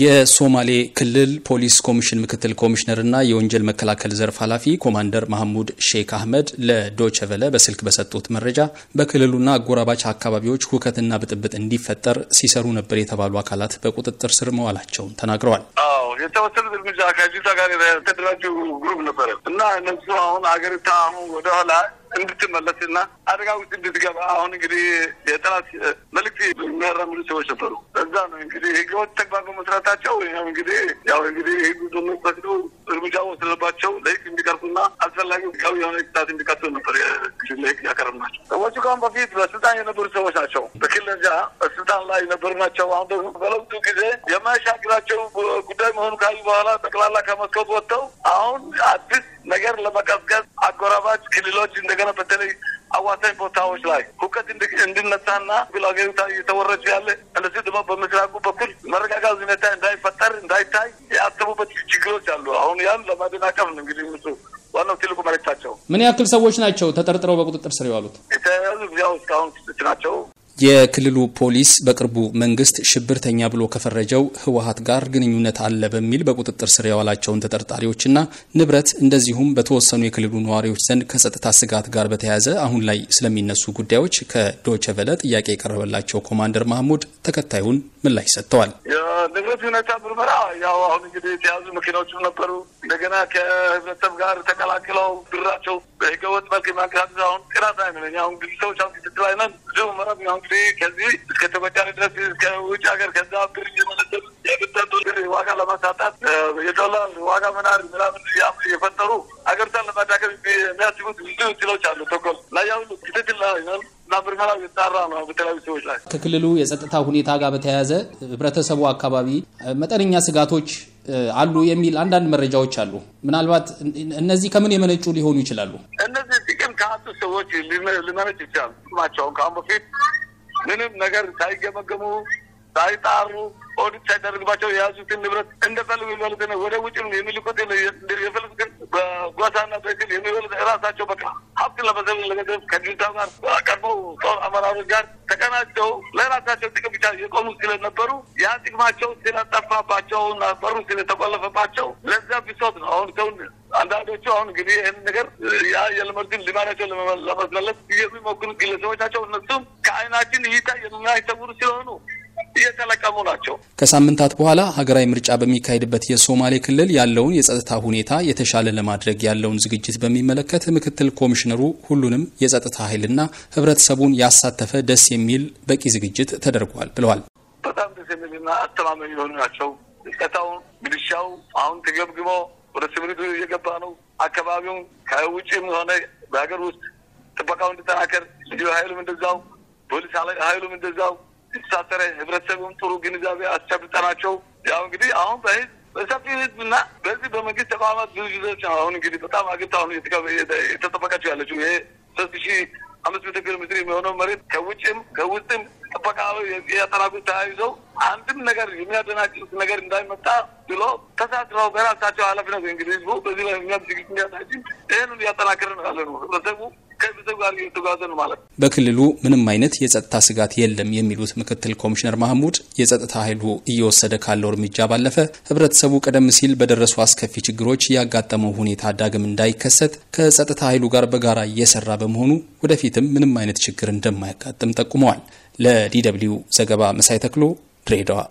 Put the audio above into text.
የሶማሌ ክልል ፖሊስ ኮሚሽን ምክትል ኮሚሽነርና የወንጀል መከላከል ዘርፍ ኃላፊ ኮማንደር ማሐሙድ ሼክ አህመድ ለዶቸቨለ በስልክ በሰጡት መረጃ በክልሉና አጎራባች አካባቢዎች ሁከትና ብጥብጥ እንዲፈጠር ሲሰሩ ነበር የተባሉ አካላት በቁጥጥር ስር መዋላቸውን ተናግረዋል። የተወሰኑት እርምጃ ከጅታ ጋር የተደራጁ ግሩፕ ነበረ እና እነሱ አሁን አገሪታ አሁን ወደኋላ እንድትመለስና አደጋ ውስጥ እንድትገባ አሁን እንግዲህ የጠላት መልዕክት የሚያራምዱ ሰዎች ነበሩ። እዛ ነው እንግዲህ ህገወጥ ተግባር በመስራታቸው ያው እንግዲህ ያው እንግዲህ ህጉ በሚፈቅዱ እርምጃ ወስደባቸው ለህግ እንዲቀርቡና አስፈላጊ ህጋዊ የሆነ ቅጣት እንዲቀጥሉ ነበር ለህግ ያቀረብ ናቸው። ሰዎቹ ከአሁን በፊት በስልጣን የነበሩ ሰዎች ናቸው። በክለጃ በስልጣን ላይ የነበሩ ናቸው። አሁን ደግሞ በለውጡ ጊዜ የማያሻግራቸው ጉዳይ መሆኑ ካዩ በኋላ ጠቅላላ ከመስኮት ወጥተው አሁን አዲስ ነገር ለመቀዝቀዝ ክልሎች እንደገና በተለይ አዋሳኝ ቦታዎች ላይ ሁከት እንዲነሳና ሀገሪቷ እየተወረች ያለ እንደዚህ ደግሞ በምስራቁ በኩል መረጋጋት ሁኔታ እንዳይፈጠር እንዳይታይ የአስቡበት ችግሮች አሉ። አሁን ያን ለማደናቀፍ ነው እንግዲህ ምሱ ዋናው ትልቁ መሬታቸው ምን ያክል ሰዎች ናቸው ተጠርጥረው በቁጥጥር ስር የዋሉት የተያዙ ጊዜው እስካሁን ስድስት ናቸው። የክልሉ ፖሊስ በቅርቡ መንግስት ሽብርተኛ ብሎ ከፈረጀው ህወሀት ጋር ግንኙነት አለ በሚል በቁጥጥር ስር የዋላቸውን ተጠርጣሪዎችና ንብረት እንደዚሁም በተወሰኑ የክልሉ ነዋሪዎች ዘንድ ከጸጥታ ስጋት ጋር በተያያዘ አሁን ላይ ስለሚነሱ ጉዳዮች ከዶቼ ቨለ ጥያቄ የቀረበላቸው ኮማንደር ማህሙድ ተከታዩን ምላሽ ሰጥተዋል። ንብረት ሁኔታ ምርመራ ያው አሁን እንግዲህ የተያዙ መኪናዎችም ነበሩ። እንደገና ከህብረተሰብ ጋር ተቀላቅለው ብራቸው በህገወጥ መልክ ማንቀሳቀስ አሁን ጥራት አይነለኝ አሁን ግልሰዎች አሁን ክትትል አይነን ብዙ መረብ ሁን ከዚህ ከዚህ እስከ ተመጫሪ ድረስ እስከ ውጭ ሀገር ከዛ ብር እየመነዘሩ የብጠጡ ዋጋ ለማሳጣት የዶላር ዋጋ መናር ምናምን የፈጠሩ ሀገርታን ለማዳከም የሚያስቡት ብዙ ትሎች አሉ። ተኮል ላይ ያሁሉ ክትትል ይላል እና ምርመራ እየተጣራ ነው በተለያዩ ሰዎች ላይ። ከክልሉ የጸጥታ ሁኔታ ጋር በተያያዘ ህብረተሰቡ አካባቢ መጠነኛ ስጋቶች አሉ የሚል አንዳንድ መረጃዎች አሉ። ምናልባት እነዚህ ከምን የመነጩ ሊሆኑ ይችላሉ? እነዚህ ጥቅም ከአንዱ ሰዎች ሊመነጭ ይችላል። ማቸውን ከአሁን በፊት ምንም ነገር ሳይገመገሙ ሳይጣሩ ኦዲት ሳይደረግባቸው የያዙትን ንብረት እንደፈልጉ የሚበሉትን ወደ ውጭ የሚልኩት የፈሉትን በጓሳና በክል የሚበሉት ራሳቸው በቃ ሀብት ለመሰብ ለገንዘብ ከድርጅታ ጋር ቀድሞው ጦር አመራሮች ጋር ተቀናጅተው ለራሳቸው ጥቅም ብቻ የቆሙ ስለነበሩ ያ ጥቅማቸው ስለጠፋባቸው ስለጠፋባቸውና በሩ ስለተቆለፈባቸው ለዛ ቢሶት ነው አሁን ሰውን አንዳንዶቹ አሁን እንግዲህ ይህን ነገር ያ የለመዱትን ልማዳቸው ለመመለስ የሚሞክሩ ግለሰቦቻቸው እነሱም ከአይናችን እይታ የማይሰውሩ ስለሆኑ እየተለቀሙ ናቸው። ከሳምንታት በኋላ ሀገራዊ ምርጫ በሚካሄድበት የሶማሌ ክልል ያለውን የጸጥታ ሁኔታ የተሻለ ለማድረግ ያለውን ዝግጅት በሚመለከት ምክትል ኮሚሽነሩ ሁሉንም የጸጥታ ኃይልና ህብረተሰቡን ያሳተፈ ደስ የሚል በቂ ዝግጅት ተደርጓል ብለዋል። በጣም ደስ የሚልና አስተማመኝ የሆኑ ናቸው። ጸጥታው ሚሊሻው አሁን ተገብግቦ ወደ ስምሪቱ እየገባ ነው። አካባቢውን ከውጭም ሆነ በሀገር ውስጥ ጥበቃው እንዲጠናከር ልዩ ኃይሉም እንደዛው ፖሊስ ኃይሉም እንደዛው የተሳሰረ ህብረተሰቡን ጥሩ ግንዛቤ አስጨብጠናቸው ያው እንግዲህ አሁን በህዝብ በሰፊ ህዝብና በዚህ በመንግስት ተቋማት ብዙ ጊዜዎች ነው አሁን እንግዲህ በጣም አግኝታ አሁን የተጠበቀችው ያለችው ይሄ ሶስት ሺ አምስት መቶ ኪሎ ሜትር የሚሆነው መሬት ከውጭም ከውስጥም ጥበቃ ያጠናቁ ተያይዘው አንድም ነገር የሚያደናቅፍ ነገር እንዳይመጣ ብሎ ተሳስረው በራሳቸው ኃላፊነት እንግዲህ ህዝቡ በዚህ በሚያ የሚያም ዝግጅት እንዲያሳችን ይህን እያጠናክር ነው ያለ ነው ህብረተሰቡ ከህዝብ ጋር እየተጓዘ ነው ማለት ነው። በክልሉ ምንም አይነት የጸጥታ ስጋት የለም የሚሉት ምክትል ኮሚሽነር ማህሙድ የጸጥታ ኃይሉ እየወሰደ ካለው እርምጃ ባለፈ ህብረተሰቡ ቀደም ሲል በደረሱ አስከፊ ችግሮች ያጋጠመው ሁኔታ ዳግም እንዳይከሰት ከጸጥታ ኃይሉ ጋር በጋራ እየሰራ በመሆኑ ወደፊትም ምንም አይነት ችግር እንደማያጋጥም ጠቁመዋል። ለዲ ደብልዩ ዘገባ መሳይ ተክሎ ድሬዳዋ